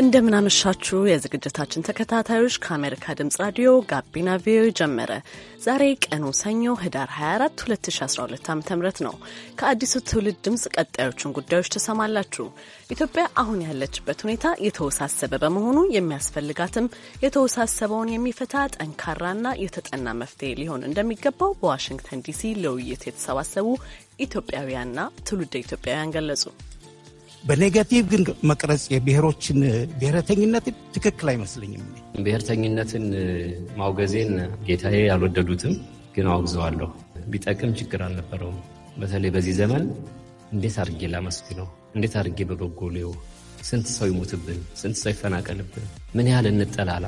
እንደምናመሻችሁ የዝግጅታችን ተከታታዮች ከአሜሪካ ድምጽ ራዲዮ ጋቢና ቪኦኤ ጀመረ። ዛሬ ቀኑ ሰኞ ህዳር 24 2012 ዓ ም ነው። ከአዲሱ ትውልድ ድምፅ ቀጣዮቹን ጉዳዮች ተሰማላችሁ። ኢትዮጵያ አሁን ያለችበት ሁኔታ የተወሳሰበ በመሆኑ የሚያስፈልጋትም የተወሳሰበውን የሚፈታ ጠንካራና የተጠና መፍትሄ ሊሆን እንደሚገባው በዋሽንግተን ዲሲ ለውይይት የተሰባሰቡ ኢትዮጵያውያንና ትውልደ ኢትዮጵያውያን ገለጹ። በኔጋቲቭ ግን መቅረጽ የብሔሮችን ብሔረተኝነትን ትክክል አይመስለኝም። ብሔርተኝነትን ማውገዜን ጌታዬ ያልወደዱትም ግን አውግዘዋለሁ። ቢጠቅም ችግር አልነበረውም። በተለይ በዚህ ዘመን እንዴት አድርጌ ላመስግ ነው? እንዴት አድርጌ በበጎ ሌው ስንት ሰው ይሞትብን፣ ስንት ሰው ይፈናቀልብን፣ ምን ያህል እንጠላላ።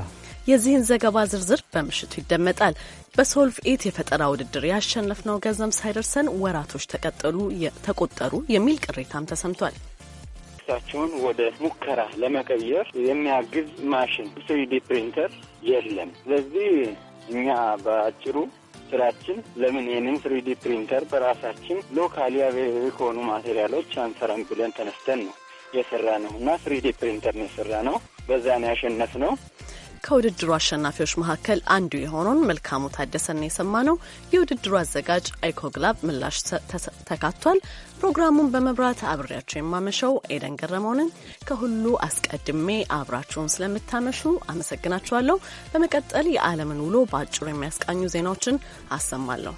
የዚህን ዘገባ ዝርዝር በምሽቱ ይደመጣል። በሶልቭ ኤት የፈጠራ ውድድር ያሸነፍነው ገንዘብ ሳይደርሰን ወራቶች ተቆጠሩ የሚል ቅሬታም ተሰምቷል። ምርቶቻቸውን ወደ ሙከራ ለመቀየር የሚያግዝ ማሽን ስሪዲ ፕሪንተር የለም። ስለዚህ እኛ በአጭሩ ስራችን ለምን ይህንን ስሪዲ ፕሪንተር በራሳችን ሎካሊ አቬይላብል ከሆኑ ማቴሪያሎች አንሰራም ብለን ተነስተን ነው የሰራ ነው እና ስሪዲ ፕሪንተር ነው የሰራ ነው። በዛን ያሸነፍ ነው። ከውድድሩ አሸናፊዎች መካከል አንዱ የሆነውን መልካሙ ታደሰን ነው። የውድድሩ አዘጋጅ አይኮግላብ ምላሽ ተካቷል። ፕሮግራሙን በመብራት አብሬያቸው የማመሸው ኤደን ገረመውንን ከሁሉ አስቀድሜ አብራችሁን ስለምታመሹ አመሰግናችኋለሁ። በመቀጠል የዓለምን ውሎ በአጭሩ የሚያስቃኙ ዜናዎችን አሰማለሁ።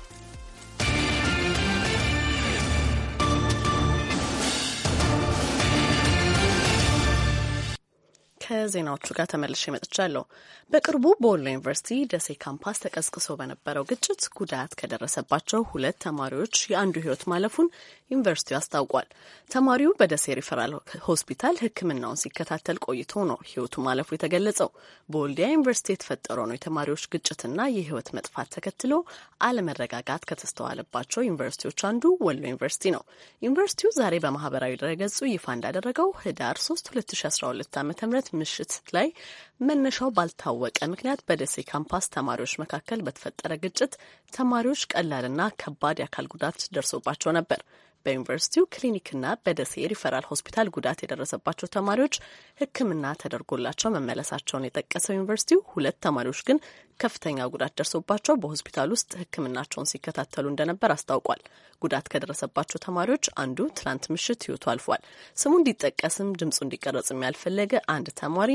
ከዜናዎቹ ጋር ተመልሼ መጥቻለሁ። በቅርቡ በወሎ ዩኒቨርሲቲ ደሴ ካምፓስ ተቀስቅሶ በነበረው ግጭት ጉዳት ከደረሰባቸው ሁለት ተማሪዎች የአንዱ ሕይወት ማለፉን ዩኒቨርሲቲው አስታውቋል። ተማሪው በደሴ ሪፈራል ሆስፒታል ሕክምናውን ሲከታተል ቆይቶ ነው ሕይወቱ ማለፉ የተገለጸው። በወልዲያ ዩኒቨርሲቲ የተፈጠረው ነው የተማሪዎች ግጭትና የሕይወት መጥፋት ተከትሎ አለመረጋጋት ከተስተዋለባቸው ዩኒቨርሲቲዎች አንዱ ወሎ ዩኒቨርሲቲ ነው። ዩኒቨርሲቲው ዛሬ በማህበራዊ ድረገጹ ይፋ እንዳደረገው ህዳር 3 2012 ዓ ም ምሽት ላይ መነሻው ባልታወቀ ምክንያት በደሴ ካምፓስ ተማሪዎች መካከል በተፈጠረ ግጭት ተማሪዎች ቀላልና ከባድ የአካል ጉዳት ደርሶባቸው ነበር። በዩኒቨርሲቲው ክሊኒክና በደሴ ሪፈራል ሆስፒታል ጉዳት የደረሰባቸው ተማሪዎች ሕክምና ተደርጎላቸው መመለሳቸውን የጠቀሰው ዩኒቨርሲቲው ሁለት ተማሪዎች ግን ከፍተኛ ጉዳት ደርሶባቸው በሆስፒታል ውስጥ ሕክምናቸውን ሲከታተሉ እንደነበር አስታውቋል። ጉዳት ከደረሰባቸው ተማሪዎች አንዱ ትናንት ምሽት ህይወቱ አልፏል። ስሙ እንዲጠቀስም ድምፁ እንዲቀረጽም ያልፈለገ አንድ ተማሪ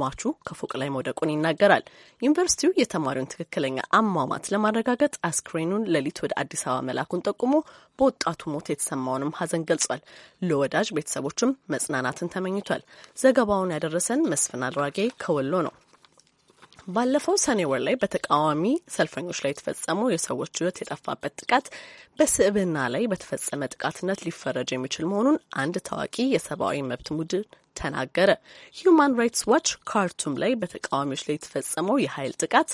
ሟቹ ከፎቅ ላይ መውደቁን ይናገራል። ዩኒቨርሲቲው የተማሪውን ትክክለኛ አሟሟት ለማረጋገጥ አስክሬኑን ሌሊት ወደ አዲስ አበባ መላኩን ጠቁሞ በወጣቱ ሞት የተሰማውንም ሀዘን ገልጿል። ለወዳጅ ቤተሰቦችም መጽናናትን ተመኝቷል። ዘገባውን ያደረሰን መስፍን አድራጌ ከወሎ ነው። ባለፈው ሰኔ ወር ላይ በተቃዋሚ ሰልፈኞች ላይ የተፈጸመው የሰዎች ህይወት የጠፋበት ጥቃት በስዕብና ላይ በተፈጸመ ጥቃትነት ሊፈረጅ የሚችል መሆኑን አንድ ታዋቂ የሰብአዊ መብት ቡድን ተናገረ። ሂዩማን ራይትስ ዋች ካርቱም ላይ በተቃዋሚዎች ላይ የተፈጸመው የኃይል ጥቃት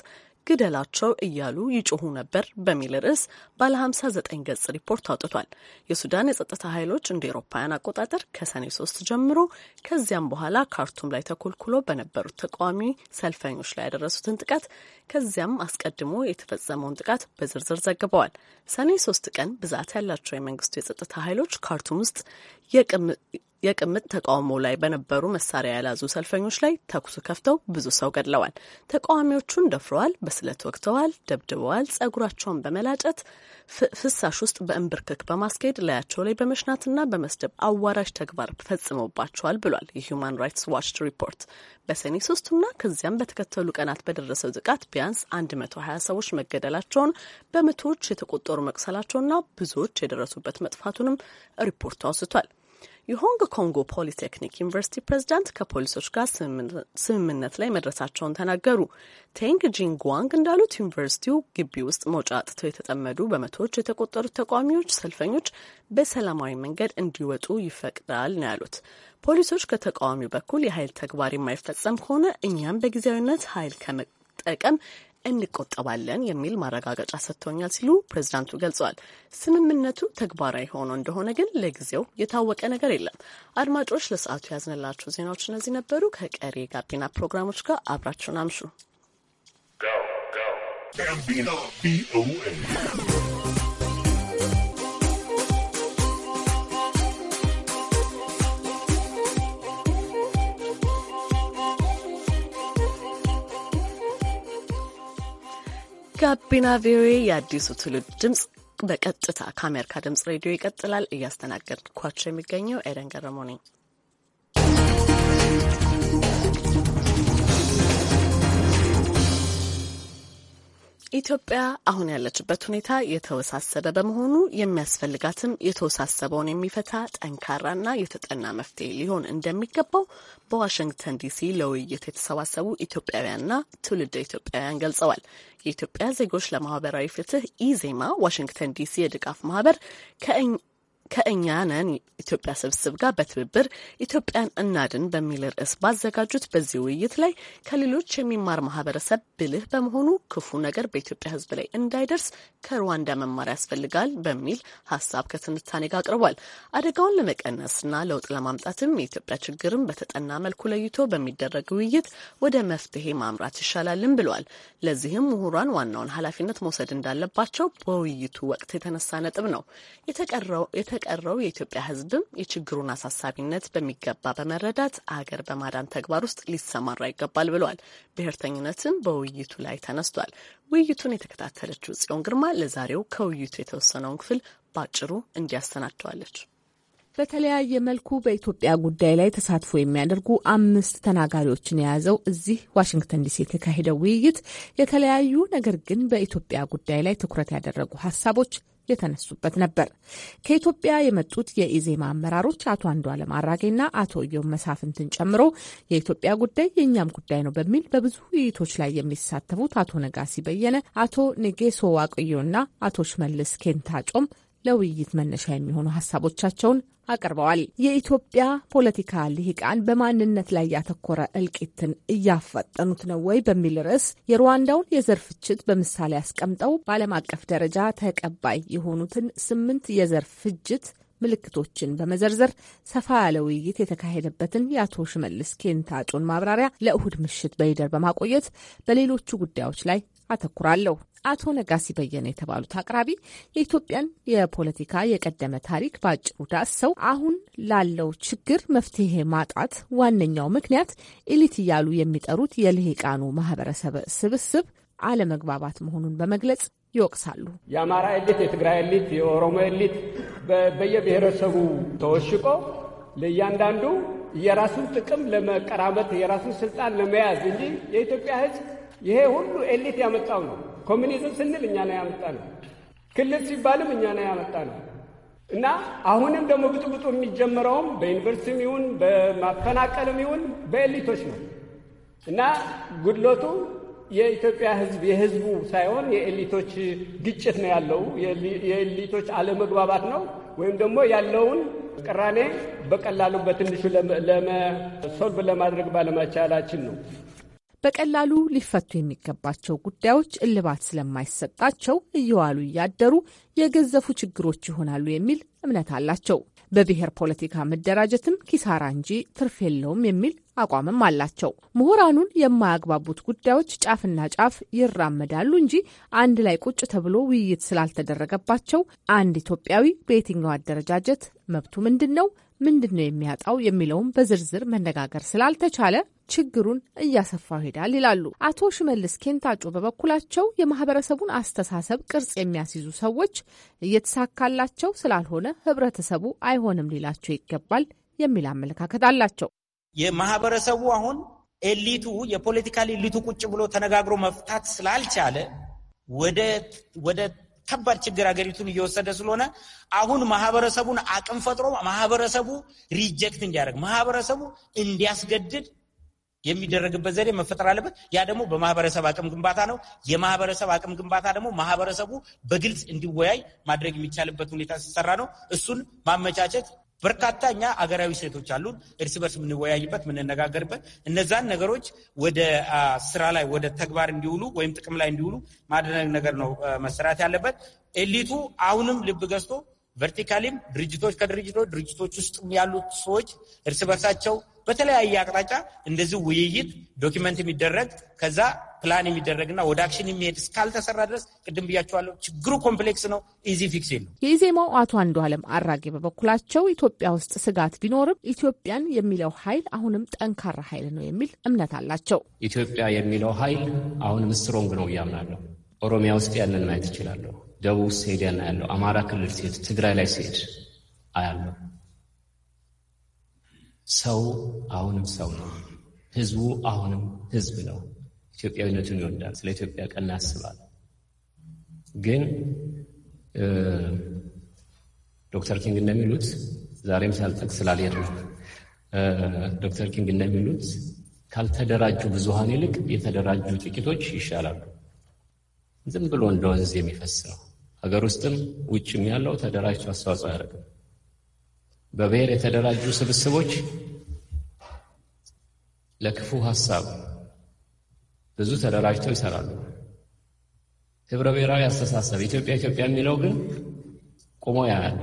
ግደላቸው እያሉ ይጮሁ ነበር በሚል ርዕስ ባለ 59 ገጽ ሪፖርት አውጥቷል። የሱዳን የጸጥታ ኃይሎች እንደ ኤሮፓውያን አቆጣጠር ከሰኔ 3 ጀምሮ ከዚያም በኋላ ካርቱም ላይ ተኮልኩሎ በነበሩት ተቃዋሚ ሰልፈኞች ላይ ያደረሱትን ጥቃት ከዚያም አስቀድሞ የተፈጸመውን ጥቃት በዝርዝር ዘግበዋል። ሰኔ 3 ቀን ብዛት ያላቸው የመንግስቱ የጸጥታ ኃይሎች ካርቱም ውስጥ የቅምጥ ተቃውሞ ላይ በነበሩ መሳሪያ ያላዙ ሰልፈኞች ላይ ተኩስ ከፍተው ብዙ ሰው ገድለዋል። ተቃዋሚዎቹን ደፍረዋል፣ በስለት ወግተዋል፣ ደብድበዋል፣ ጸጉራቸውን በመላጨት ፍሳሽ ውስጥ በእንብርክክ በማስካሄድ ላያቸው ላይ በመሽናትና በመስደብ አዋራጅ ተግባር ፈጽመውባቸዋል ብሏል የሁማን ራይትስ ዋች ሪፖርት። በሰኔ ሶስቱና ከዚያም በተከተሉ ቀናት በደረሰው ጥቃት ቢያንስ 120 ሰዎች መገደላቸውን በመቶዎች የተቆጠሩ መቁሰላቸውና ብዙዎች የደረሱበት መጥፋቱንም ሪፖርቱ አውስቷል። የሆንግ ኮንጎ ፖሊቴክኒክ ዩኒቨርሲቲ ፕሬዝዳንት ከፖሊሶች ጋር ስምምነት ላይ መድረሳቸውን ተናገሩ። ቴንግ ጂንጓንግ እንዳሉት ዩኒቨርሲቲው ግቢ ውስጥ መውጫ አጥተው የተጠመዱ በመቶዎች የተቆጠሩት ተቃዋሚዎች፣ ሰልፈኞች በሰላማዊ መንገድ እንዲወጡ ይፈቅዳል ነው ያሉት። ፖሊሶች ከተቃዋሚው በኩል የኃይል ተግባር የማይፈጸም ከሆነ እኛም በጊዜያዊነት ኃይል ከመጠቀም እንቆጠባለን የሚል ማረጋገጫ ሰጥቶኛል ሲሉ ፕሬዚዳንቱ ገልጸዋል። ስምምነቱ ተግባራዊ ሆኖ እንደሆነ ግን ለጊዜው የታወቀ ነገር የለም። አድማጮች፣ ለሰዓቱ ያዝንላችሁ ዜናዎች እነዚህ ነበሩ። ከቀሪ ጋቢና ፕሮግራሞች ጋር አብራችሁን አምሹ። ጋቢና ቪኦኤ የአዲሱ ትውልድ ድምፅ በቀጥታ ከአሜሪካ ድምፅ ሬዲዮ ይቀጥላል። እያስተናገድኳቸው የሚገኘው ኤደን ገረሞ ነኝ። ኢትዮጵያ አሁን ያለችበት ሁኔታ የተወሳሰበ በመሆኑ የሚያስፈልጋትም የተወሳሰበውን የሚፈታ ጠንካራና የተጠና መፍትሄ ሊሆን እንደሚገባው በዋሽንግተን ዲሲ ለውይይት የተሰባሰቡ ኢትዮጵያውያንና ትውልደ ኢትዮጵያውያን ገልጸዋል። የኢትዮጵያ ዜጎች ለማህበራዊ ፍትህ ኢዜማ ዋሽንግተን ዲሲ የድጋፍ ማህበር ከእኛ ነን ኢትዮጵያ ስብስብ ጋር በትብብር ኢትዮጵያን እናድን በሚል ርዕስ ባዘጋጁት በዚህ ውይይት ላይ ከሌሎች የሚማር ማህበረሰብ ብልህ በመሆኑ ክፉ ነገር በኢትዮጵያ ሕዝብ ላይ እንዳይደርስ ከሩዋንዳ መማር ያስፈልጋል በሚል ሀሳብ ከትንታኔ ጋር አቅርቧል። አደጋውን ለመቀነስና ለውጥ ለማምጣትም የኢትዮጵያ ችግርን በተጠና መልኩ ለይቶ በሚደረግ ውይይት ወደ መፍትሄ ማምራት ይሻላልን ብሏል። ለዚህም ምሁራን ዋናውን ኃላፊነት መውሰድ እንዳለባቸው በውይይቱ ወቅት የተነሳ ነጥብ ነው። የቀረው የኢትዮጵያ ሕዝብም የችግሩን አሳሳቢነት በሚገባ በመረዳት አገር በማዳን ተግባር ውስጥ ሊሰማራ ይገባል ብለዋል። ብሔርተኝነትም በውይይቱ ላይ ተነስቷል። ውይይቱን የተከታተለችው ጽዮን ግርማ ለዛሬው ከውይይቱ የተወሰነውን ክፍል ባጭሩ እንዲያሰናቸዋለች። በተለያየ መልኩ በኢትዮጵያ ጉዳይ ላይ ተሳትፎ የሚያደርጉ አምስት ተናጋሪዎችን የያዘው እዚህ ዋሽንግተን ዲሲ የተካሄደው ውይይት የተለያዩ ነገር ግን በኢትዮጵያ ጉዳይ ላይ ትኩረት ያደረጉ ሀሳቦች የተነሱበት ነበር። ከኢትዮጵያ የመጡት የኢዜማ አመራሮች አቶ አንዱዓለም አራጌና አቶ እዮም መሳፍንትን ጨምሮ የኢትዮጵያ ጉዳይ የእኛም ጉዳይ ነው በሚል በብዙ ውይይቶች ላይ የሚሳተፉት አቶ ነጋሲ በየነ፣ አቶ ኔጌሶ ዋቅዮና አቶ ሽመልስ ኬንታጮም ለውይይት መነሻ የሚሆኑ ሀሳቦቻቸውን አቅርበዋል። የኢትዮጵያ ፖለቲካ ልሂቃን በማንነት ላይ ያተኮረ እልቂትን እያፋጠኑት ነው ወይ በሚል ርዕስ የሩዋንዳውን የዘር ፍጅት በምሳሌ አስቀምጠው በዓለም አቀፍ ደረጃ ተቀባይ የሆኑትን ስምንት የዘር ፍጅት ምልክቶችን በመዘርዘር ሰፋ ያለ ውይይት የተካሄደበትን የአቶ ሽመልስ ኬንታጮን ማብራሪያ ለእሁድ ምሽት በይደር በማቆየት በሌሎቹ ጉዳዮች ላይ አተኩራለሁ። አቶ ነጋሲ በየነ የተባሉት አቅራቢ የኢትዮጵያን የፖለቲካ የቀደመ ታሪክ በአጭሩ ዳሰው አሁን ላለው ችግር መፍትሄ ማጣት ዋነኛው ምክንያት ኤሊት እያሉ የሚጠሩት የልሂቃኑ ማህበረሰብ ስብስብ አለመግባባት መሆኑን በመግለጽ ይወቅሳሉ። የአማራ ኤሊት፣ የትግራይ ኤሊት፣ የኦሮሞ ኤሊት በየብሔረሰቡ ተወሽቆ ለእያንዳንዱ የራሱን ጥቅም ለመቀራመት የራሱን ስልጣን ለመያዝ እንጂ የኢትዮጵያ ሕዝብ ይሄ ሁሉ ኤሊት ያመጣው ነው። ኮሚኒዝም ስንል እኛ ነው ያመጣ ነው። ክልል ሲባልም እኛ ነው ያመጣ ነው እና አሁንም ደግሞ ብጡብጡ የሚጀመረውም በዩኒቨርሲቲም ይሁን በማፈናቀልም ይሁን በኤሊቶች ነው እና ጉድለቱ የኢትዮጵያ ህዝብ የህዝቡ ሳይሆን የኤሊቶች ግጭት ነው ያለው። የኤሊቶች አለመግባባት ነው ወይም ደግሞ ያለውን ቅራኔ በቀላሉ በትንሹ ለመሶልቭ ለማድረግ ባለመቻላችን ነው። በቀላሉ ሊፈቱ የሚገባቸው ጉዳዮች እልባት ስለማይሰጣቸው እየዋሉ እያደሩ የገዘፉ ችግሮች ይሆናሉ የሚል እምነት አላቸው። በብሔር ፖለቲካ መደራጀትም ኪሳራ እንጂ ትርፍ የለውም የሚል አቋምም አላቸው። ምሁራኑን የማያግባቡት ጉዳዮች ጫፍና ጫፍ ይራመዳሉ እንጂ አንድ ላይ ቁጭ ተብሎ ውይይት ስላልተደረገባቸው አንድ ኢትዮጵያዊ በየትኛው አደረጃጀት መብቱ ምንድን ነው ምንድን ነው የሚያጣው የሚለውም በዝርዝር መነጋገር ስላልተቻለ ችግሩን እያሰፋው ይሄዳል ይላሉ አቶ ሽመልስ ኬንታጮ። በበኩላቸው የማህበረሰቡን አስተሳሰብ ቅርጽ የሚያስይዙ ሰዎች እየተሳካላቸው ስላልሆነ ህብረተሰቡ አይሆንም ሊላቸው ይገባል የሚል አመለካከት አላቸው። የማህበረሰቡ አሁን ኤሊቱ የፖለቲካል ኤሊቱ ቁጭ ብሎ ተነጋግሮ መፍታት ስላልቻለ ወደ ከባድ ችግር ሀገሪቱን እየወሰደ ስለሆነ አሁን ማህበረሰቡን አቅም ፈጥሮ ማህበረሰቡ ሪጀክት እንዲያደርግ ማህበረሰቡ እንዲያስገድድ የሚደረግበት ዘዴ መፈጠር አለበት። ያ ደግሞ በማህበረሰብ አቅም ግንባታ ነው። የማህበረሰብ አቅም ግንባታ ደግሞ ማህበረሰቡ በግልጽ እንዲወያይ ማድረግ የሚቻልበት ሁኔታ ሲሰራ ነው። እሱን ማመቻቸት በርካታ እኛ አገራዊ ሴቶች አሉን፣ እርስ በርስ የምንወያይበት የምንነጋገርበት፣ እነዛን ነገሮች ወደ ስራ ላይ ወደ ተግባር እንዲውሉ ወይም ጥቅም ላይ እንዲውሉ ማድረግ ነገር ነው መሰራት ያለበት። ኤሊቱ አሁንም ልብ ገዝቶ ቨርቲካሊም ድርጅቶች ከድርጅቶች ድርጅቶች ውስጥ ያሉት ሰዎች እርስ በርሳቸው በተለያየ አቅጣጫ እንደዚህ ውይይት ዶኪመንት የሚደረግ ከዛ ፕላን የሚደረግና ወደ አክሽን የሚሄድ እስካልተሰራ ድረስ ቅድም ብያቸዋለሁ፣ ችግሩ ኮምፕሌክስ ነው፣ ኢዚ ፊክስ የለው። የኢዜማው አቶ አንዱ አለም አራጌ በበኩላቸው ኢትዮጵያ ውስጥ ስጋት ቢኖርም ኢትዮጵያን የሚለው ኃይል አሁንም ጠንካራ ኃይል ነው የሚል እምነት አላቸው። ኢትዮጵያ የሚለው ኃይል አሁንም ስትሮንግ ነው እያምናለሁ። ኦሮሚያ ውስጥ ያንን ማየት ይችላለሁ። ደቡብ ስሄድ ያን ያለው አማራ ክልል ስሄድ ትግራይ ላይ ስሄድ አያለው። ሰው አሁንም ሰው ነው። ህዝቡ አሁንም ህዝብ ነው። ኢትዮጵያዊነቱን ይወዳል። ስለ ኢትዮጵያ ቀና ያስባል። ግን ዶክተር ኪንግ እንደሚሉት ዛሬም ሳልጠቅ ስላልሄድ ነው። ዶክተር ኪንግ እንደሚሉት ካልተደራጁ ብዙሀን ይልቅ የተደራጁ ጥቂቶች ይሻላሉ። ዝም ብሎ እንደ ወንዝ የሚፈስ ነው። ሀገር ውስጥም ውጭም ያለው ተደራጅቶ አስተዋጽኦ አያደርግም። በብሔር የተደራጁ ስብስቦች ለክፉ ሀሳብ ብዙ ተደራጅተው ይሰራሉ። ህብረ ብሔራዊ አስተሳሰብ ኢትዮጵያ ኢትዮጵያ የሚለው ግን ቁሞ ያያል።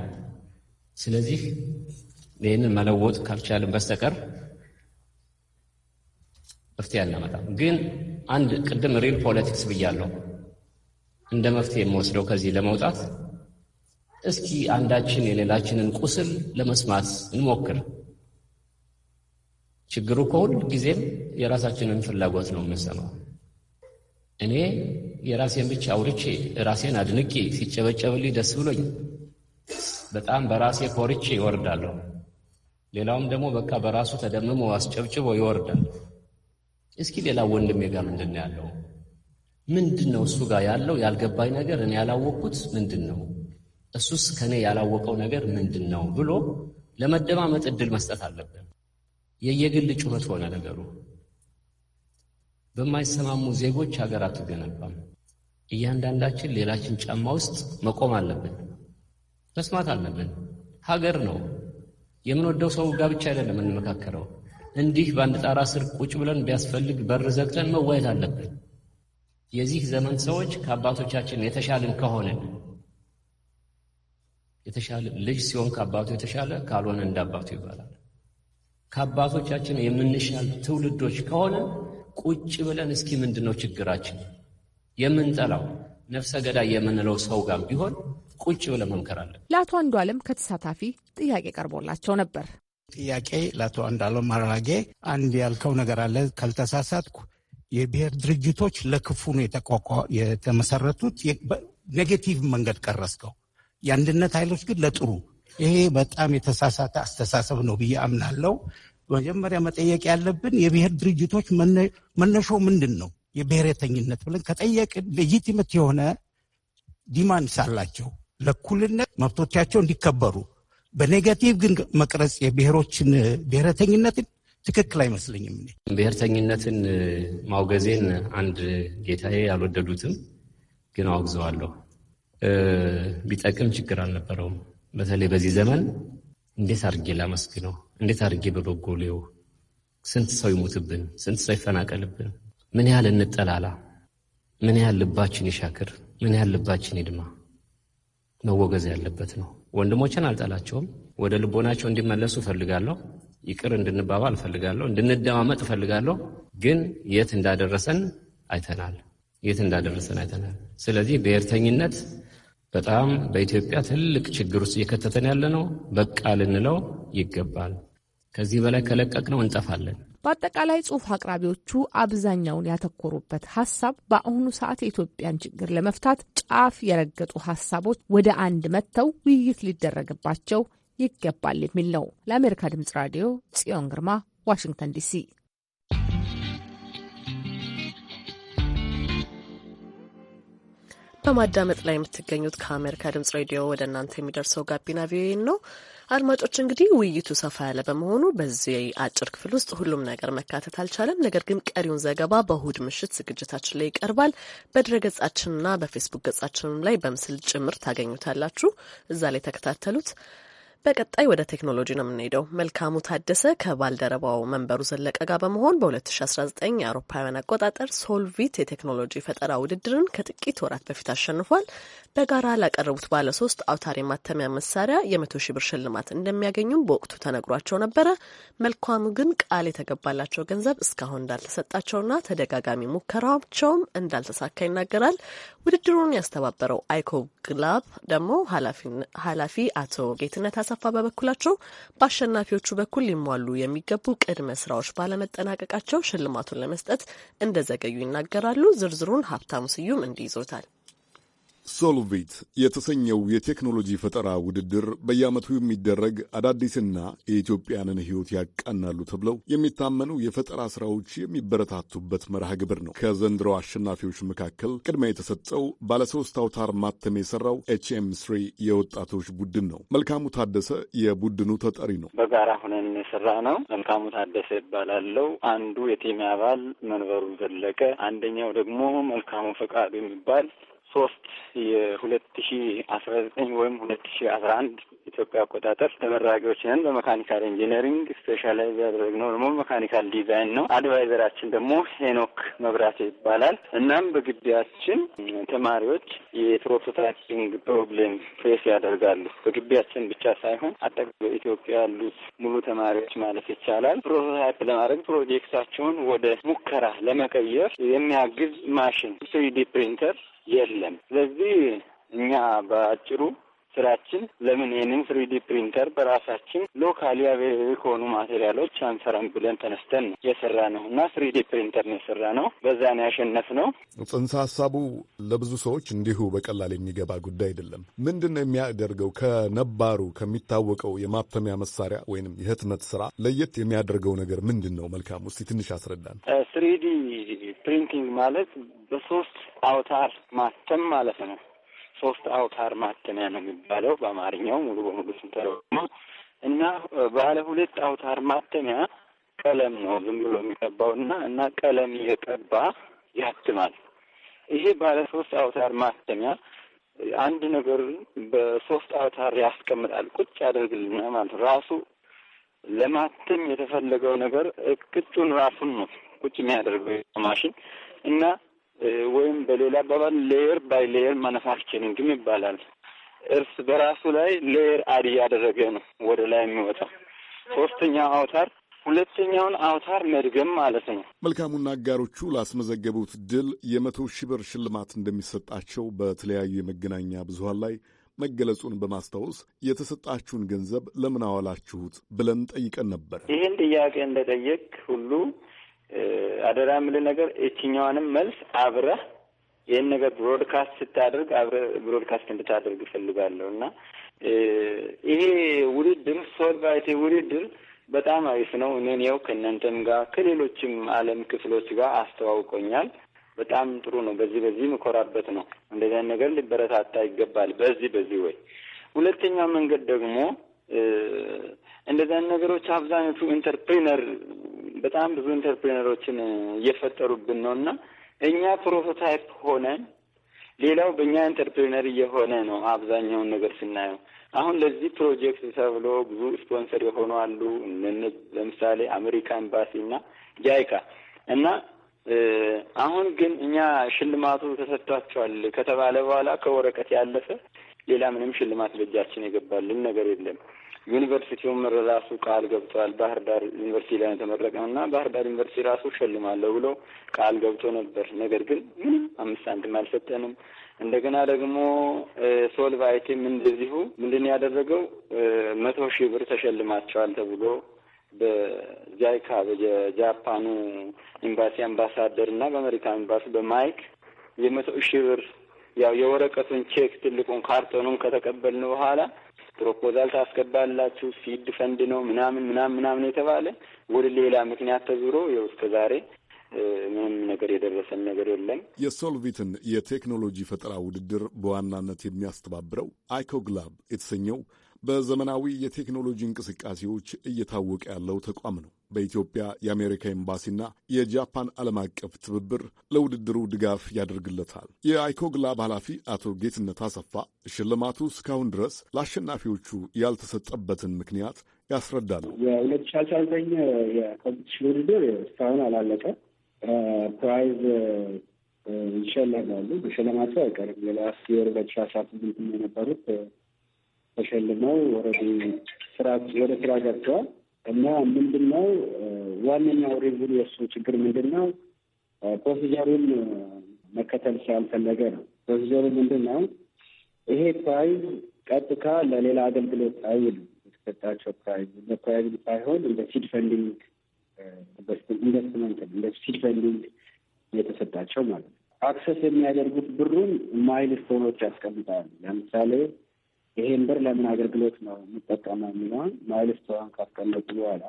ስለዚህ ይህንን መለወጥ ካልቻልን በስተቀር መፍትሄ አናመጣም። ግን አንድ ቅድም ሪል ፖለቲክስ ብያለሁ። እንደ መፍትሄ የምወስደው ከዚህ ለመውጣት እስኪ አንዳችን የሌላችንን ቁስል ለመስማት እንሞክር። ችግሩ ከሁል ጊዜም የራሳችንን ፍላጎት ነው የምንሰማው። እኔ የራሴን ብቻ አውርቼ ራሴን አድንቄ ሲጨበጨብልኝ ደስ ብሎኝ በጣም በራሴ ኮርቼ ይወርዳለሁ። ሌላውም ደግሞ በቃ በራሱ ተደምሞ አስጨብጭቦ ይወርዳል። እስኪ ሌላ ወንድሜ ጋር ምንድን ነው ያለው? ምንድን ነው እሱ ጋር ያለው ያልገባኝ ነገር እኔ ያላወቅኩት ምንድን ነው? እሱስ ከእኔ ያላወቀው ነገር ምንድን ነው ብሎ ለመደማመጥ እድል መስጠት አለብን። የየግል ጩኸት ሆነ ነገሩ። በማይሰማሙ ዜጎች ሀገር አትገነባም። እያንዳንዳችን ሌላችን ጫማ ውስጥ መቆም አለብን። መስማት አለብን። ሀገር ነው የምንወደው ሰው ጋር ብቻ አይደለም የምንመካከረው። እንዲህ በአንድ ጣራ ስር ቁጭ ብለን ቢያስፈልግ በር ዘግተን መዋየት አለብን። የዚህ ዘመን ሰዎች ከአባቶቻችን የተሻልን ከሆነ የተሻለ ልጅ ሲሆን ከአባቱ የተሻለ ካልሆነ እንደ አባቱ ይባላል። ከአባቶቻችን የምንሻል ትውልዶች ከሆነ ቁጭ ብለን እስኪ ምንድን ነው ችግራችን የምንጠላው ነፍሰ ገዳይ የምንለው ሰው ጋር ቢሆን ቁጭ ብለን መምከር አለን። ለአቶ አንዱ አለም ከተሳታፊ ጥያቄ ቀርቦላቸው ነበር። ጥያቄ ለአቶ አንዱ አለም አራጌ አንድ ያልከው ነገር አለ ካልተሳሳትኩ የብሔር ድርጅቶች ለክፉ ነው የተመሰረቱት። ኔጌቲቭ መንገድ ቀረስከው። የአንድነት ኃይሎች ግን ለጥሩ። ይሄ በጣም የተሳሳተ አስተሳሰብ ነው ብዬ አምናለው። መጀመሪያ መጠየቅ ያለብን የብሔር ድርጅቶች መነሾ ምንድን ነው የብሔረተኝነት ብለን ከጠየቅን ሌጂቲመት የሆነ ዲማንድስ አላቸው ለእኩልነት መብቶቻቸው እንዲከበሩ። በኔጋቲቭ ግን መቅረጽ የብሔሮችን ብሔረተኝነትን ትክክል አይመስለኝም። ብሔርተኝነትን ማውገዜን አንድ ጌታዬ አልወደዱትም፣ ግን አውግዘዋለሁ። ቢጠቅም ችግር አልነበረውም። በተለይ በዚህ ዘመን እንዴት አድርጌ ላመስግነው? እንዴት አድርጌ በበጎ ልየው? ስንት ሰው ይሞትብን፣ ስንት ሰው ይፈናቀልብን፣ ምን ያህል እንጠላላ፣ ምን ያህል ልባችን ይሻክር፣ ምን ያህል ልባችን ይድማ። መወገዝ ያለበት ነው። ወንድሞችን አልጠላቸውም። ወደ ልቦናቸው እንዲመለሱ እፈልጋለሁ። ይቅር እንድንባባል እፈልጋለሁ፣ እንድንደማመጥ እፈልጋለሁ። ግን የት እንዳደረሰን አይተናል፣ የት እንዳደረሰን አይተናል። ስለዚህ ብሔርተኝነት በጣም በኢትዮጵያ ትልቅ ችግር ውስጥ እየከተተን ያለ ነው። በቃ ልንለው ይገባል። ከዚህ በላይ ከለቀቅነው እንጠፋለን። በአጠቃላይ ጽሑፍ አቅራቢዎቹ አብዛኛውን ያተኮሩበት ሀሳብ በአሁኑ ሰዓት የኢትዮጵያን ችግር ለመፍታት ጫፍ የረገጡ ሀሳቦች ወደ አንድ መጥተው ውይይት ሊደረግባቸው ይገባል የሚል ነው። ለአሜሪካ ድምጽ ራዲዮ ጽዮን ግርማ ዋሽንግተን ዲሲ። በማዳመጥ ላይ የምትገኙት ከአሜሪካ ድምጽ ሬዲዮ ወደ እናንተ የሚደርሰው ጋቢና ቪኦኤ ነው። አድማጮች እንግዲህ ውይይቱ ሰፋ ያለ በመሆኑ በዚህ አጭር ክፍል ውስጥ ሁሉም ነገር መካተት አልቻለም። ነገር ግን ቀሪውን ዘገባ በእሁድ ምሽት ዝግጅታችን ላይ ይቀርባል። ገጻችንና በፌስቡክ ገጻችንም ላይ በምስል ጭምር ታገኙታላችሁ። እዛ ላይ ተከታተሉት። በቀጣይ ወደ ቴክኖሎጂ ነው የምንሄደው። መልካሙ ታደሰ ከባልደረባው መንበሩ ዘለቀ ጋር በመሆን በ2019 የአውሮፓውያን አቆጣጠር ሶልቪት የቴክኖሎጂ ፈጠራ ውድድርን ከጥቂት ወራት በፊት አሸንፏል። በጋራ ላቀረቡት ባለሶስት አውታር የማተሚያ መሳሪያ የመቶ ሺ ብር ሽልማት እንደሚያገኙም በወቅቱ ተነግሯቸው ነበረ። መልካሙ ግን ቃል የተገባላቸው ገንዘብ እስካሁን እንዳልተሰጣቸውና ተደጋጋሚ ሙከራቸውም እንዳልተሳካ ይናገራል። ውድድሩን ያስተባበረው አይኮ ግላብ ደግሞ ኃላፊ አቶ ጌትነት አሰፋ በበኩላቸው በአሸናፊዎቹ በኩል ሊሟሉ የሚገቡ ቅድመ ስራዎች ባለመጠናቀቃቸው ሽልማቱን ለመስጠት እንደዘገዩ ይናገራሉ። ዝርዝሩን ሀብታሙ ስዩም እንዲይዞታል። ሶልቪት የተሰኘው የቴክኖሎጂ ፈጠራ ውድድር በየዓመቱ የሚደረግ አዳዲስና የኢትዮጵያንን ሕይወት ያቃናሉ ተብለው የሚታመኑ የፈጠራ ስራዎች የሚበረታቱበት መርሃ ግብር ነው። ከዘንድሮ አሸናፊዎች መካከል ቅድሚያ የተሰጠው ባለሶስት አውታር ማተም የሰራው ኤችኤም ስሪ የወጣቶች ቡድን ነው። መልካሙ ታደሰ የቡድኑ ተጠሪ ነው። በጋራ ሁነን የሰራ ነው። መልካሙ ታደሰ ይባላለው። አንዱ የቴሚ አባል መንበሩ ዘለቀ፣ አንደኛው ደግሞ መልካሙ ፈቃዱ የሚባል ሶስት የሁለት ሺ አስራ ዘጠኝ ወይም ሁለት ሺ አስራ አንድ ኢትዮጵያ አቆጣጠር ተመራቂዎች ነን። በመካኒካል ኢንጂነሪንግ ስፔሻላይዝ ያደረግነው ደግሞ መካኒካል ዲዛይን ነው። አድቫይዘራችን ደግሞ ሄኖክ መብራት ይባላል። እናም በግቢያችን ተማሪዎች የፕሮቶታይፒንግ ፕሮብሌም ፌስ ያደርጋሉ። በግቢያችን ብቻ ሳይሆን አጠቃላይ ኢትዮጵያ ያሉት ሙሉ ተማሪዎች ማለት ይቻላል ፕሮቶታይፕ ለማድረግ ፕሮጀክታቸውን ወደ ሙከራ ለመቀየር የሚያግዝ ማሽን ስሪዲ ፕሪንተር የለም። ስለዚህ እኛ በአጭሩ ስራችን ለምን ይህንን ፍሪዲ ፕሪንተር በራሳችን ሎካሊ ከሆኑ ማቴሪያሎች አንሰራም ብለን ተነስተን ነው የሰራ ነው እና ፍሪዲ ፕሪንተር ነው የሰራ ነው። በዛ ነው ያሸነፍ ነው። ጽንሰ ሀሳቡ ለብዙ ሰዎች እንዲሁ በቀላል የሚገባ ጉዳይ አይደለም። ምንድን ነው የሚያደርገው ከነባሩ ከሚታወቀው የማተሚያ መሳሪያ ወይንም የህትመት ስራ ለየት የሚያደርገው ነገር ምንድን ነው? መልካም ውስጥ ትንሽ አስረዳን። ፍሪዲ ፕሪንቲንግ ማለት በሶስት አውታር ማተም ማለት ነው። ሶስት አውታር ማተሚያ ነው የሚባለው በአማርኛው ሙሉ በሙሉ ስንተረጉመው እና ባለ ሁለት አውታር ማተሚያ ቀለም ነው ዝም ብሎ የሚቀባው እና እና ቀለም እየቀባ ያትማል። ይሄ ባለ ሶስት አውታር ማተሚያ አንድ ነገር በሶስት አውታር ያስቀምጣል፣ ቁጭ ያደርግልና ማለት ራሱ ለማተም የተፈለገው ነገር ቅጡን ራሱን ነው ቁጭ የሚያደርገው ማሽን እና ወይም በሌላ አባባል ሌየር ባይ ሌየር ማኑፋክቸሪንግም ይባላል። እርስ በራሱ ላይ ሌየር አድ እያደረገ ነው ወደ ላይ የሚወጣው ሶስተኛው አውታር ሁለተኛውን አውታር መድገም ማለት ነው። መልካሙና አጋሮቹ ላስመዘገቡት ድል የመቶ ሺህ ብር ሽልማት እንደሚሰጣቸው በተለያዩ የመገናኛ ብዙሀን ላይ መገለጹን በማስታወስ የተሰጣችሁን ገንዘብ ለምን አዋላችሁት ብለን ጠይቀን ነበር። ይህን ጥያቄ እንደጠየቅ ሁሉ አደራ የምልህ ነገር የትኛዋንም መልስ አብረህ ይህን ነገር ብሮድካስት ስታደርግ አብረህ ብሮድካስት እንድታደርግ እፈልጋለሁ እና ይሄ ውድድር ሶልቫይቴ ውድድር በጣም አሪፍ ነው። እኔን ያው ከእናንተም ጋር ከሌሎችም ዓለም ክፍሎች ጋር አስተዋውቆኛል። በጣም ጥሩ ነው። በዚህ በዚህ ምኮራበት ነው። እንደዚያ ነገር ሊበረታታ ይገባል። በዚህ በዚህ ወይ ሁለተኛው መንገድ ደግሞ እንደዚህ ነገሮች አብዛኞቹ ኢንተርፕሪነር በጣም ብዙ ኢንተርፕሪነሮችን እየፈጠሩብን ነው እና እኛ ፕሮቶታይፕ ሆነን ሌላው በእኛ ኢንተርፕሪነር እየሆነ ነው። አብዛኛውን ነገር ስናየው አሁን ለዚህ ፕሮጀክት ተብሎ ብዙ ስፖንሰር የሆኑ አሉ። ለምሳሌ አሜሪካ ኤምባሲ እና ጃይካ እና አሁን ግን እኛ ሽልማቱ ተሰጥቷቸዋል ከተባለ በኋላ ከወረቀት ያለፈ ሌላ ምንም ሽልማት በእጃችን የገባልን ነገር የለም። ዩኒቨርሲቲውም ራሱ ቃል ገብቷል። ባህር ዳር ዩኒቨርሲቲ ላይ የተመረቀው እና ባህር ዳር ዩኒቨርሲቲ ራሱ ሸልማለሁ ብሎ ቃል ገብቶ ነበር። ነገር ግን ምንም አምስት ሳንቲም አልሰጠንም። እንደገና ደግሞ ሶልቭ አይቲም እንደዚሁ ምንድን ያደረገው መቶ ሺህ ብር ተሸልማቸዋል ተብሎ በጃይካ በጃፓኑ ኤምባሲ አምባሳደር እና በአሜሪካ ኤምባሲ በማይክ የመቶ ሺህ ብር ያው የወረቀቱን ቼክ ትልቁን ካርቶኑን ከተቀበልን በኋላ ፕሮፖዛል ታስገባላችሁ ሲድ ፈንድ ነው ምናምን ምናምን ምናምን የተባለ ወደ ሌላ ምክንያት ተዙሮ ይኸው እስከ ዛሬ ምንም ነገር የደረሰን ነገር የለም። የሶልቪትን የቴክኖሎጂ ፈጠራ ውድድር በዋናነት የሚያስተባብረው አይኮግላብ የተሰኘው በዘመናዊ የቴክኖሎጂ እንቅስቃሴዎች እየታወቀ ያለው ተቋም ነው። በኢትዮጵያ የአሜሪካ ኤምባሲና የጃፓን ዓለም አቀፍ ትብብር ለውድድሩ ድጋፍ ያደርግለታል። የአይኮግላብ ኃላፊ አቶ ጌትነት አሰፋ ሽልማቱ እስካሁን ድረስ ለአሸናፊዎቹ ያልተሰጠበትን ምክንያት ያስረዳሉ። የሁለት ሺ አስራ ዘጠኝ የኮምፒቲሽን ውድድር እስካሁን አላለቀ። ፕራይዝ ይሸለማሉ። መሸለማቸው አይቀርም። የላስት የወር ሁለት ሺ አስራ ስምንት የነበሩት ተሸልመው ወደ ስራ ገብተዋል። እና ምንድን ነው ዋነኛው ሪዝን የእሱ ችግር ምንድን ነው? ፕሮሲጀሩን መከተል ስላልፈለገ ነው። ፕሮሲጀሩ ምንድን ነው? ይሄ ፕራይዝ ቀጥታ ለሌላ አገልግሎት አይውልም። የተሰጣቸው ፕራይዝ ፕራይዝ ሳይሆን እንደ ሲድ ፈንዲንግ ኢንቨስትመንት እንደ ሲድ ፈንዲንግ የተሰጣቸው ማለት ነው። አክሰስ የሚያደርጉት ብሩን ማይል ስቶኖች ያስቀምጣሉ። ለምሳሌ ይሄን ብር ለምን አገልግሎት ነው የምጠቀመው የሚለውን ማይልስቶን ካስቀመጡ በኋላ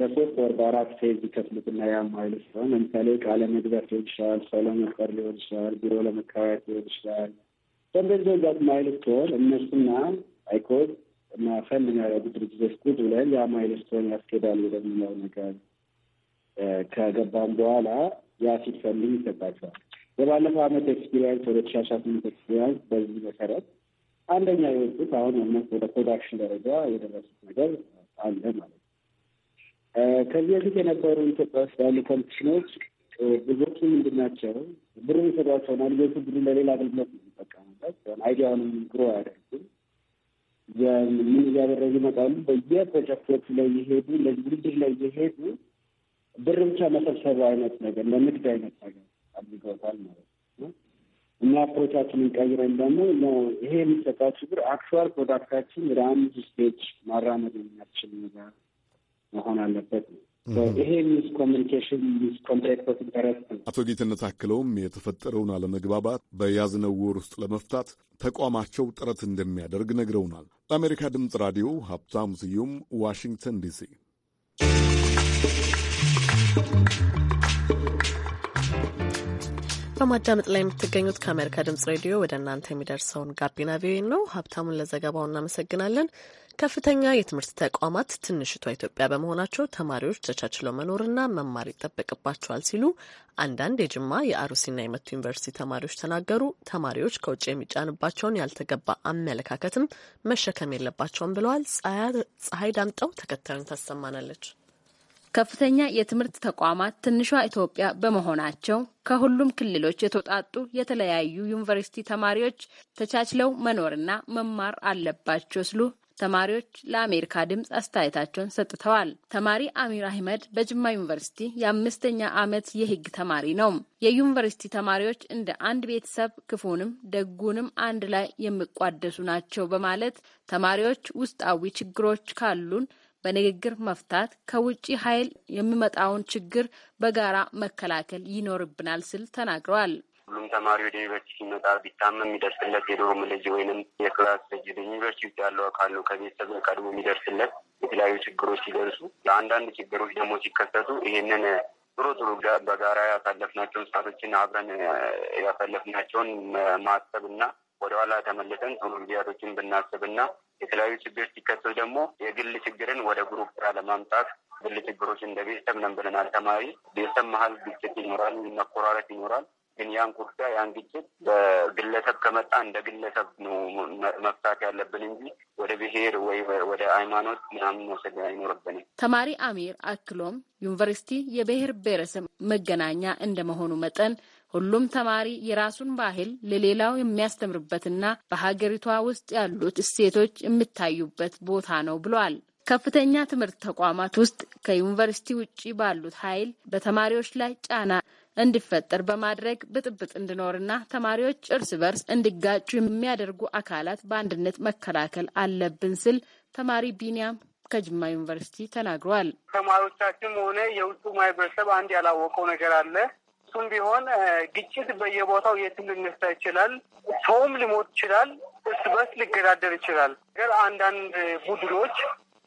በሶስት ወር በአራት ፌዝ ይከፍሉትና ያ ማይልስቶን ለምሳሌ ቃለ መግዛት ሊሆን ይችላል፣ ሰው ለመቅጠር ሊሆን ይችላል፣ ቢሮ ለመከራየት ሊሆን ይችላል። በእንደዚህ ዛት ማይልስቶን እነሱና አይኮድ እና ፈንድ የሚያደርጉ ድርጅቶች ቁጭ ብለን ያ ማይልስቶን ያስኬዳሉ ለሚለው ነገር ከገባም በኋላ ያ ሲድ ፈንድን ይሰጣቸዋል። የባለፈው አመት ኤክስፒሪንስ ወደ ተሻሻ ስምንት ኤክስፒሪየንስ በዚህ መሰረት አንደኛ የወጡት አሁን ነት ወደ ፕሮዳክሽን ደረጃ የደረሱት ነገር አለ ማለት ነው። ከዚህ በፊት የነበሩ ኢትዮጵያ ውስጥ ያሉ ፖለቲሽኖች ብዙዎቹ ምንድን ናቸው ብሩ ይሰጧቸውን አልቤቱ ብሩ ለሌላ አገልግሎት ነው የሚጠቀሙበት አይዲያውንም ግሮ አያደርጉም። ምን እያደረጉ ይመጣሉ? በየፕሮጀክቶቹ ላይ እየሄዱ እንደዚህ ውድድር ላይ እየሄዱ ብር ብቻ መሰብሰቡ አይነት ነገር ለንግድ አይነት ነገር አድርገውታል ማለት ነው። እና አፕሮቻችንን ቀይረን ደግሞ ይሄ የሚሰጣው ችግር አክቹዋል ፕሮዳክታችን ወደ አንድ ስቴጅ ማራመድ የሚያስችል ነገር መሆን አለበት ነው። ይሄ ሚስ ኮሚኒኬሽን ሚስ ኮንቴክት ኦፍ ኢንተረስት ነው። አቶ ጌትነት አክለውም የተፈጠረውን አለመግባባት በያዝነው ወር ውስጥ ለመፍታት ተቋማቸው ጥረት እንደሚያደርግ ነግረውናል። ለአሜሪካ ድምፅ ራዲዮ ሀብታሙ ስዩም ዋሽንግተን ዲሲ። በማዳመጥ ላይ የምትገኙት ከአሜሪካ ድምጽ ሬዲዮ ወደ እናንተ የሚደርሰውን ጋቢና ቪኦኤ ነው። ሀብታሙን ለዘገባው እናመሰግናለን። ከፍተኛ የትምህርት ተቋማት ትንሽቷ ኢትዮጵያ በመሆናቸው ተማሪዎች ተቻችለው መኖርና መማር ይጠበቅባቸዋል ሲሉ አንዳንድ የጅማ የአሩሲና የመቱ ዩኒቨርሲቲ ተማሪዎች ተናገሩ። ተማሪዎች ከውጭ የሚጫንባቸውን ያልተገባ አመለካከትም መሸከም የለባቸውም ብለዋል። ፀሐይ ዳምጠው ተከታዩን ታሰማናለች። ከፍተኛ የትምህርት ተቋማት ትንሿ ኢትዮጵያ በመሆናቸው ከሁሉም ክልሎች የተውጣጡ የተለያዩ ዩኒቨርሲቲ ተማሪዎች ተቻችለው መኖርና መማር አለባቸው ሲሉ ተማሪዎች ለአሜሪካ ድምፅ አስተያየታቸውን ሰጥተዋል። ተማሪ አሚር አህመድ በጅማ ዩኒቨርሲቲ የአምስተኛ ዓመት የሕግ ተማሪ ነው። የዩኒቨርሲቲ ተማሪዎች እንደ አንድ ቤተሰብ ክፉንም ደጉንም አንድ ላይ የሚቋደሱ ናቸው በማለት ተማሪዎች ውስጣዊ ችግሮች ካሉን በንግግር መፍታት፣ ከውጭ ኃይል የሚመጣውን ችግር በጋራ መከላከል ይኖርብናል ስል ተናግረዋል። ሁሉም ተማሪ ወደ ዩኒቨርሲቲ ሲመጣ ቢታመም የሚደርስለት የዶርም ልጅ ወይንም የክላስ ልጅ ዩኒቨርሲቲ ውስጥ ያለው አካል ነው ከቤተሰብ ቀድሞ የሚደርስለት። የተለያዩ ችግሮች ሲደርሱ ለአንዳንድ ችግሮች ደግሞ ሲከሰቱ ይህንን ጥሩ ጥሩ በጋራ ያሳለፍናቸውን ሰዓቶችን አብረን ያሳለፍናቸውን ማሰብ እና ወደኋላ ተመልሰን ጥሩ ጊዜያቶችን ብናስብና የተለያዩ ችግር ሲከሰት ደግሞ የግል ችግርን ወደ ግሩፕ ስራ ለማምጣት ግል ችግሮች እንደ ቤተሰብ ነን ብለናል። ተማሪ ቤተሰብ መሀል ግጭት ይኖራል፣ መኮራረፍ ይኖራል። ግን ያን ኩርሻ ያን ግጭት በግለሰብ ከመጣ እንደ ግለሰብ ነው መፍታት ያለብን እንጂ ወደ ብሔር ወይ ወደ ሃይማኖት ምናምን መውሰድ አይኖርብንም። ተማሪ አሚር አክሎም ዩኒቨርሲቲ የብሔር ብሔረሰብ መገናኛ እንደመሆኑ መጠን ሁሉም ተማሪ የራሱን ባህል ለሌላው የሚያስተምርበትና በሀገሪቷ ውስጥ ያሉት እሴቶች የሚታዩበት ቦታ ነው ብሏል። ከፍተኛ ትምህርት ተቋማት ውስጥ ከዩኒቨርሲቲ ውጭ ባሉት ኃይል በተማሪዎች ላይ ጫና እንዲፈጠር በማድረግ ብጥብጥ እንዲኖርና ተማሪዎች እርስ በርስ እንዲጋጩ የሚያደርጉ አካላት በአንድነት መከላከል አለብን ስል ተማሪ ቢኒያም ከጅማ ዩኒቨርሲቲ ተናግሯል። ተማሪዎቻችን ሆነ የውጭ ማህበረሰብ አንድ ያላወቀው ነገር አለ። እሱም ቢሆን ግጭት በየቦታው የትም ልነሳ ይችላል። ሰውም ሊሞት ይችላል። እርስ በርስ ሊገዳደር ይችላል። ነገር አንዳንድ ቡድኖች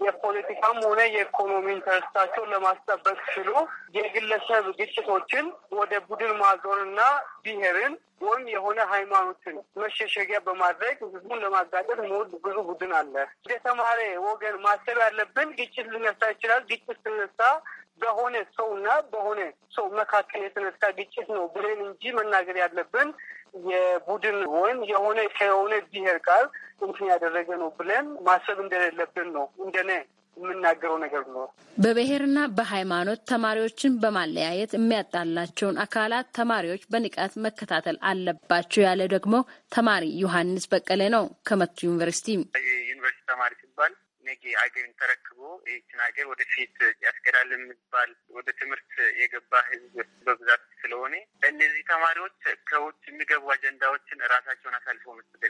የፖለቲካም ሆነ የኢኮኖሚ ኢንተረስታቸውን ለማስጠበቅ ሲሉ የግለሰብ ግጭቶችን ወደ ቡድን ማዞርና ብሔርን ወይም የሆነ ሃይማኖትን መሸሸጊያ በማድረግ ህዝቡን ለማጋጨት ሞድ ብዙ ቡድን አለ። የተማረ ወገን ማሰብ ያለብን ግጭት ሊነሳ ይችላል። ግጭት ስነሳ በሆነ ሰውና በሆነ ሰው መካከል የተነሳ ግጭት ነው ብለን እንጂ መናገር ያለብን የቡድን ወይም የሆነ ከሆነ ብሔር ጋር እንትን ያደረገ ነው ብለን ማሰብ እንደሌለብን ነው እንደኔ የምናገረው ነገር ነው። በብሔርና በሃይማኖት ተማሪዎችን በማለያየት የሚያጣላቸውን አካላት ተማሪዎች በንቃት መከታተል አለባቸው ያለ ደግሞ ተማሪ ዮሐንስ በቀለ ነው ከመቱ ዩኒቨርሲቲ። ዩኒቨርሲቲ ተማሪ ሲባል ነገ አገርን ተረክቦ ይችን ሀገር ወደፊት ያስገዳል የሚባል ወደ ትምህርት የገባ ህዝብ በብዛት ስለሆነ እነዚህ ተማሪዎች ከውጭ የሚገቡ አጀንዳዎችን እራሳቸውን አሳልፎ መስጠት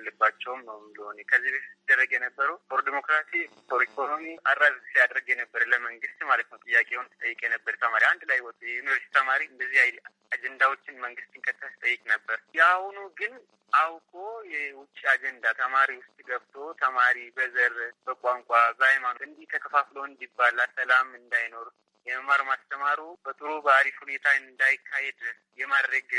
ነው ለሆነ ከዚህ በፊት ሲደረግ የነበረው ፎር ዲሞክራሲ ፎር ኢኮኖሚ አራዝ ሲያደርግ የነበረ ለመንግስት ማለት ነው ጥያቄውን ጠይቅ የነበር ተማሪ አንድ ላይ ወ የዩኒቨርሲቲ ተማሪ እንደዚህ አይ አጀንዳዎችን መንግስትን ቀጥታ ሲጠይቅ ነበር። የአሁኑ ግን አውቆ የውጭ አጀንዳ ተማሪ ውስጥ ገብቶ ተማሪ በዘር በቋንቋ በሃይማኖት እንዲህ ተከፋፍሎ እንዲባላ ሰላም እንዳይኖር የመማር ማስተማሩ በጥሩ በአሪፍ ሁኔታ እንዳይካሄድ የማድረግ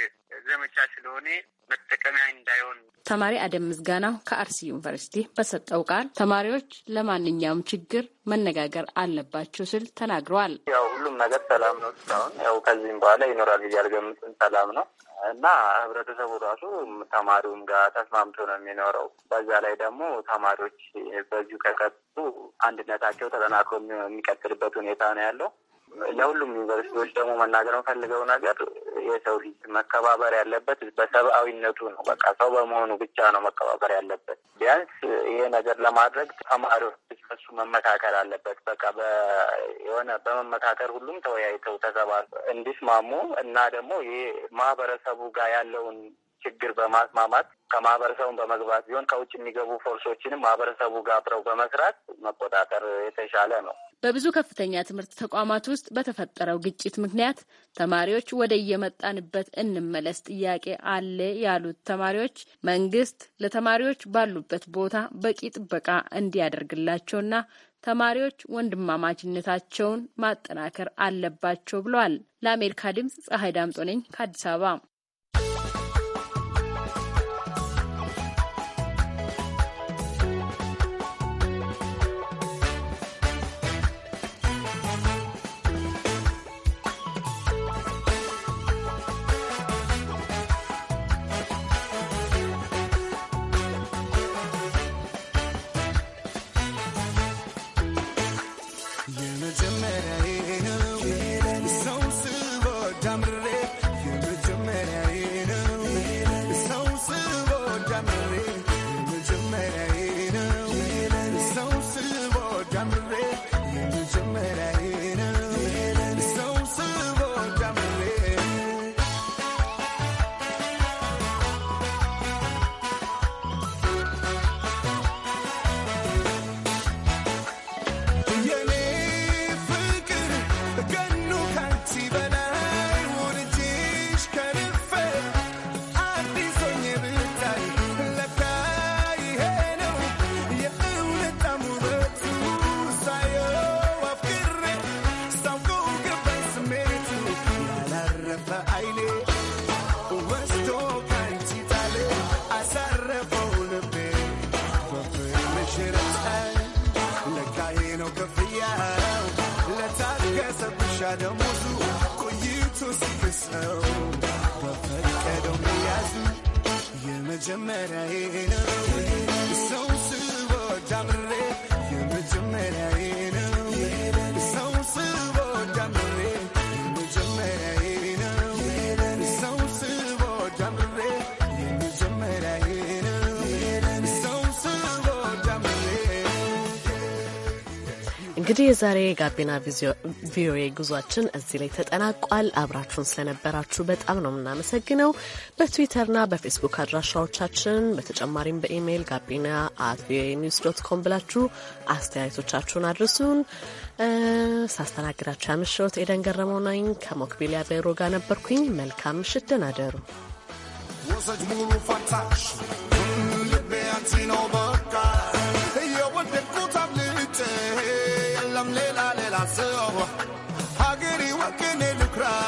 ዘመቻ ስለሆነ መጠቀሚያ እንዳይሆን። ተማሪ አደም ምዝጋና ከአርሲ ዩኒቨርሲቲ በሰጠው ቃል ተማሪዎች ለማንኛውም ችግር መነጋገር አለባቸው ስል ተናግረዋል። ያው ሁሉም ነገር ሰላም ነው እስካሁን ያው ከዚህም በኋላ ይኖራል እያልገምጽን ሰላም ነው እና ህብረተሰቡ ራሱ ተማሪውም ጋር ተስማምቶ ነው የሚኖረው። በዛ ላይ ደግሞ ተማሪዎች በዚሁ ከቀጡ አንድነታቸው ተጠናክሮ የሚቀጥልበት ሁኔታ ነው ያለው። ለሁሉም ዩኒቨርሲቲዎች ደግሞ መናገር የምፈልገው ነገር የሰው ልጅ መከባበር ያለበት በሰብአዊነቱ ነው። በቃ ሰው በመሆኑ ብቻ ነው መከባበር ያለበት። ቢያንስ ይሄ ነገር ለማድረግ ተማሪዎች ሱ መመካከል አለበት። በቃ የሆነ በመመካከል ሁሉም ተወያይተው ተሰባስበው እንዲስማሙ እና ደግሞ ይሄ ማህበረሰቡ ጋር ያለውን ችግር በማስማማት ከማህበረሰቡን በመግባት ቢሆን ከውጭ የሚገቡ ፎርሶችንም ማህበረሰቡ ጋር አብረው በመስራት መቆጣጠር የተሻለ ነው። በብዙ ከፍተኛ ትምህርት ተቋማት ውስጥ በተፈጠረው ግጭት ምክንያት ተማሪዎች ወደ የመጣንበት እንመለስ ጥያቄ አለ ያሉት ተማሪዎች መንግስት ለተማሪዎች ባሉበት ቦታ በቂ ጥበቃ እንዲያደርግላቸውና ተማሪዎች ወንድማማችነታቸውን ማጠናከር አለባቸው ብለዋል። ለአሜሪካ ድምፅ ፀሐይ ዳምጦ ነኝ ከአዲስ አበባ። ነው ክፍያው ለታገሰብሻለው ሙዙ ቆይቶ ሲፍሰው በፈቀደው መያዙ የመጀመሪያዬ ነው ሰው ስቦ ዳምሬ የመጀመሪያዬ ነው ሰው ስቦ እንግዲህ የዛሬ የጋቢና ቪኦኤ ጉዟችን እዚህ ላይ ተጠናቋል። አብራችሁን ስለነበራችሁ በጣም ነው የምናመሰግነው። በትዊተርና በፌስቡክ አድራሻዎቻችን በተጨማሪም በኢሜይል ጋቢና አት ቪኦኤ ኒውስ ዶት ኮም ብላችሁ አስተያየቶቻችሁን አድርሱን። ሳስተናግዳችሁ ያመሸሁት ኤደን ገረመው ነኝ። ከሞክቢሊያ በሮ ጋር ነበርኩኝ። መልካም ምሽት፣ ደህና ደሩ። myself. How can he, what can they do cry?